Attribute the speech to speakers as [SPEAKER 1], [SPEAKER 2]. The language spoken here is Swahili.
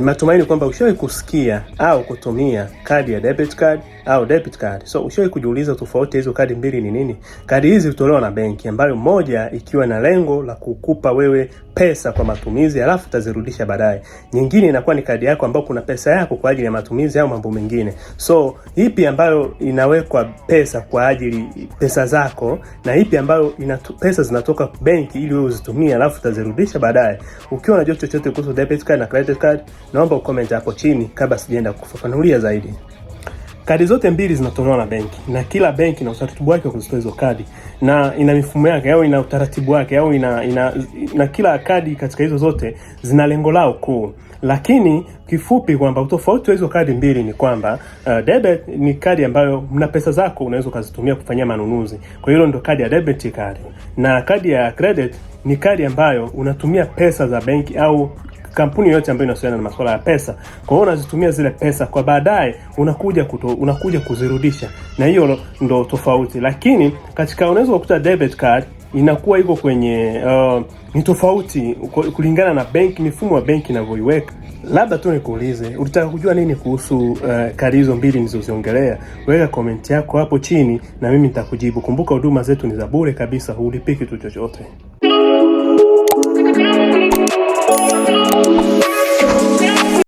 [SPEAKER 1] Ni matumaini kwamba ushawahi kusikia au kutumia kadi ya debit card au debit card. So ushawahi kujiuliza tofauti hizo kadi mbili ni nini? Kadi hizi hutolewa na benki, ambayo moja ikiwa na lengo la kukupa wewe pesa kwa matumizi, alafu utazirudisha baadaye. Nyingine inakuwa ni kadi yako ambayo kuna pesa yako kwa ajili ya matumizi au mambo mengine. So ipi ambayo inawekwa pesa kwa ajili pesa zako na ipi ambayo ina pesa zinatoka benki ili wewe uzitumie, alafu utazirudisha baadaye. Ukiwa unajua chochote kuhusu debit card na credit card Naomba ukomenti hapo chini kabla sijaenda kufafanulia zaidi.
[SPEAKER 2] Kadi zote mbili zinatolewa na benki na kila benki ina utaratibu wake wa kuzitoa hizo kadi, na ina mifumo yake au ina utaratibu wake au ina, ina, na kila kadi katika hizo zote zina lengo lao kuu, lakini kifupi kwamba utofauti wa hizo kadi mbili ni kwamba uh, debit ni kadi ambayo mna pesa zako unaweza ukazitumia kufanyia manunuzi, kwa hiyo ndio kadi ya debit kadi, na kadi ya credit ni kadi ambayo unatumia pesa za benki au kampuni yoyote ambayo inahusiana na masuala ya pesa. Kwa hiyo unazitumia zile pesa kwa baadaye unakuja kuto, unakuja kuzirudisha, na hiyo ndo tofauti. Lakini katika unaweza kukuta debit card inakuwa iko kwenye uh, ni tofauti kulingana na benki, mifumo ya benki inavyoiweka. Labda tu nikuulize, ulitaka kujua nini kuhusu uh, kadi hizo mbili nilizoziongelea? Weka komenti yako hapo chini na mimi nitakujibu. Kumbuka huduma zetu ni za bure kabisa, hulipi kitu chochote.